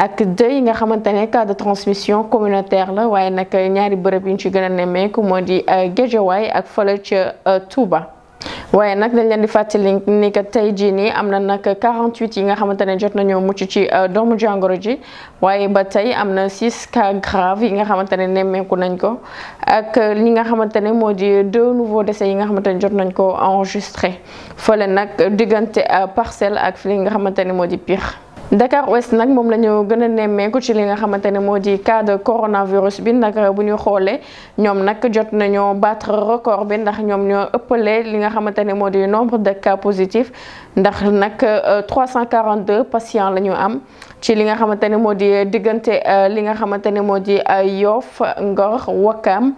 ak deuy nga xamante cas de transmission communautaire la waye nak ñaari bërëb yi ci gëna némé nemmeeku modi di euh, ak fële ci euh, Touba. waye nak dañ leen di fàttali ni que tey jii nii am na nag 48 yi nga xamante ne jot mucc ci euh, doomu jangoro ji waaye ba tey am na 6 cas grave yi nga xamante ne nemmeeku nañ ko ak li nga xamante moo di deux nouveaux décès yi nga xamante ne jot nañ ko enregistré fële nag diggante parcelle ak fi nga xamante moo di Pire. Dakar Ouest nag moom la ñu gën a nemmeeku ci li nga xamante ne moo di cas de coronavirus bi nag bu ñu xoolee ñoom nag jot nañoo battre record bi ndax ñoom ñoo ëppale li nga xamante ne moo di nombre de cas positifs ndax nag 342 euh, patients la ñu am ci li nga xamante ne moo di diggante euh, li nga xamante ne moo di euh, Yoff Ngor Wakam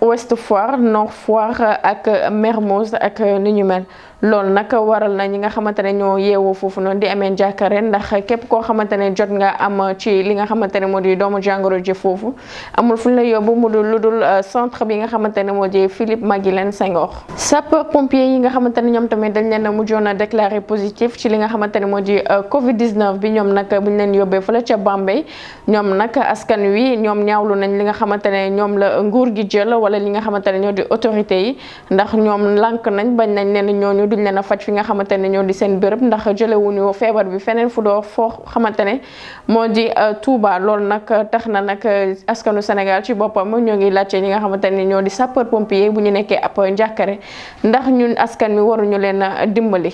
Ouest Foire Nord Foire ak Mermoz ak ni ñu mel loolu nag waral na ñi nga xamante ne ñoo yeewoo foofu noonu di amee jàkkaare ndax képp koo xamante ne jot nga am ci li nga xamante ne moo di doomu jàngoro ji foofu amul fu la yóbbu mu dul lu dul centre bi nga xamante ne moo di Philippe Maguilène Senghor sapeur pompier yi nga xamante ñoom tamit dañ leen a mujjoon déclaré positif ci li nga xamante ne moo di euh, Covid 19 bi ñoom nag bu ñu leen yóbbee fële ca Bambey ñoom nag askan wi ñoom ñaawlu nañ li nga xamante ne ñoom la nguur gi jël wala li nga xamante ne ñoo di autorité yi ndax ñoom lànk nañ bañ nañ leen ñooñu duñ leen faj fi nga xamante ne ñoo di seen béréb ndax jëlewuñu feebar bi feneen fu doo foo xamante ne moo di euh, Touba loolu nag tax na nag askanu Sénégal ci boppam ñoo ngi laajte ñi nga xamante ne ñoo di sapeur pompier bu ñu nekkee ab njàkkare ndax ñu askan wi waruñu leen dimbali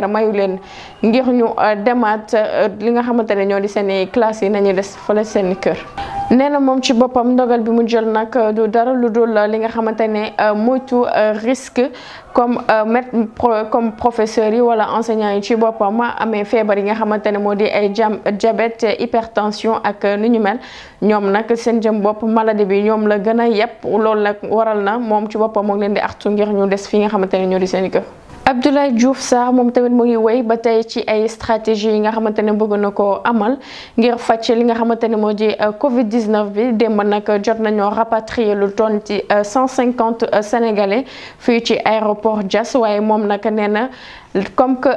dara mayu leen ngir ñu euh, demaat euh, li nga xamante ne ñoo di seen i classes yi nañu des fële seen i kër. nee na moom ci boppam ndogal bi mu jël nag euh, du dara lu dul li nga xamante ne moytu risque comme maître comme professeurs yi wala enseignants yi ci boppam amee feebar yi nga xamante ne moo di ay jam diabète hypertension ak ni ñu mel ñoom nag seen jëm bopp maladie bi ñoom la gën a yépp loolu nag waral na moom ci boppam moo leen di artu ngir ñu des fi nga xamante ne ñoo di seen i kër Abdoulaye Diouf Sarr mom tamit mo ngi wéy ba ci ay stratégie nga xamantene bëgg na amal ngir fàcc li nga xamantene mo di euh, Covid 19 bi dem nak jot nañu rapatrier lu ton ci 150 euh, euh, sénégalais fi ci aéroport Diass mom moom nag comme que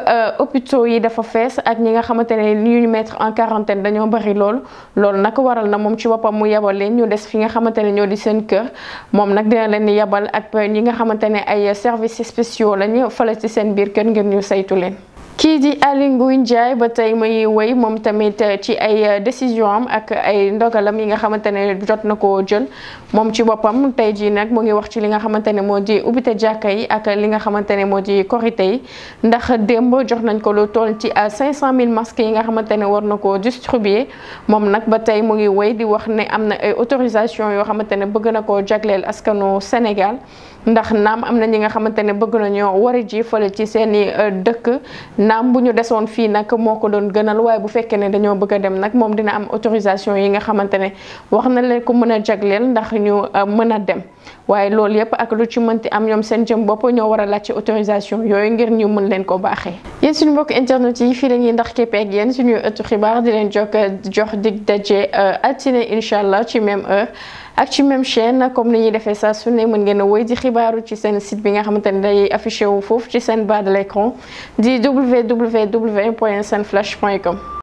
hôpitaux yi dafa fess ak ñi nga xamantene ñu mettre en quarantaine dañu bari lool lool nak waral na mom ci boppam mu yebal leen ñu dess fi nga xamantene ñoo di seen cœur mom nak dina leen yabal ak ñi nga xamantene ay services spéciaux lañu fële ci seen biir kër ngir ñu saytu leen. kii di Aly Ngouille Ndiaye ba tey ngi woy moom tamit ci ay euh, décision am ak ay ndogalam yi nga xamante ne jot na ko jël moom ci boppam tey jii nag mu ngi wax ci li nga xamante ne moo di ubbite jàkka yi ak li nga xamante ne moo di korite yi ndax démb jox nañ ko lu toll ci euh, mille masques yi nga xamante ne war na koo distribuer moom nag ba tey mu ngi woy di wax ne am na ay autorisation yoo xamante ne bëgg na koo jagleel askanu Sénégal. ndax naam am nañ ñi nga xamante ne bëgg nañoo war a ji fële ci seen i euh, dëkk naam bu ñu desoon fii nag moo ko doon gënal waaye bu fekkee ne dañoo bëgg a dem nag moom dina am autorisation yi nga xamante ne wax na leen ko mën a jagleel ndax ñu euh, mën a dem waaye loolu yëpp ak lu ci mënti am ñoom seen jëm bopp ñoo war a laaj ci autorisation yooyu ngir ñu mën leen ko baaxee. yéen suñu mbokk internet yi fii la ñuy ndax képp ak yéen suñu ëttu xibaar di leen jokk jox dig daje euh, altine incha allah ci même ak ci même chaîne comme ni ñuy defee sa su ne mën ngeen a woy di xibaaru ci seen site bi nga xamante ne day affiché wu foofu ci seen bas de l'écran di www.senflash.com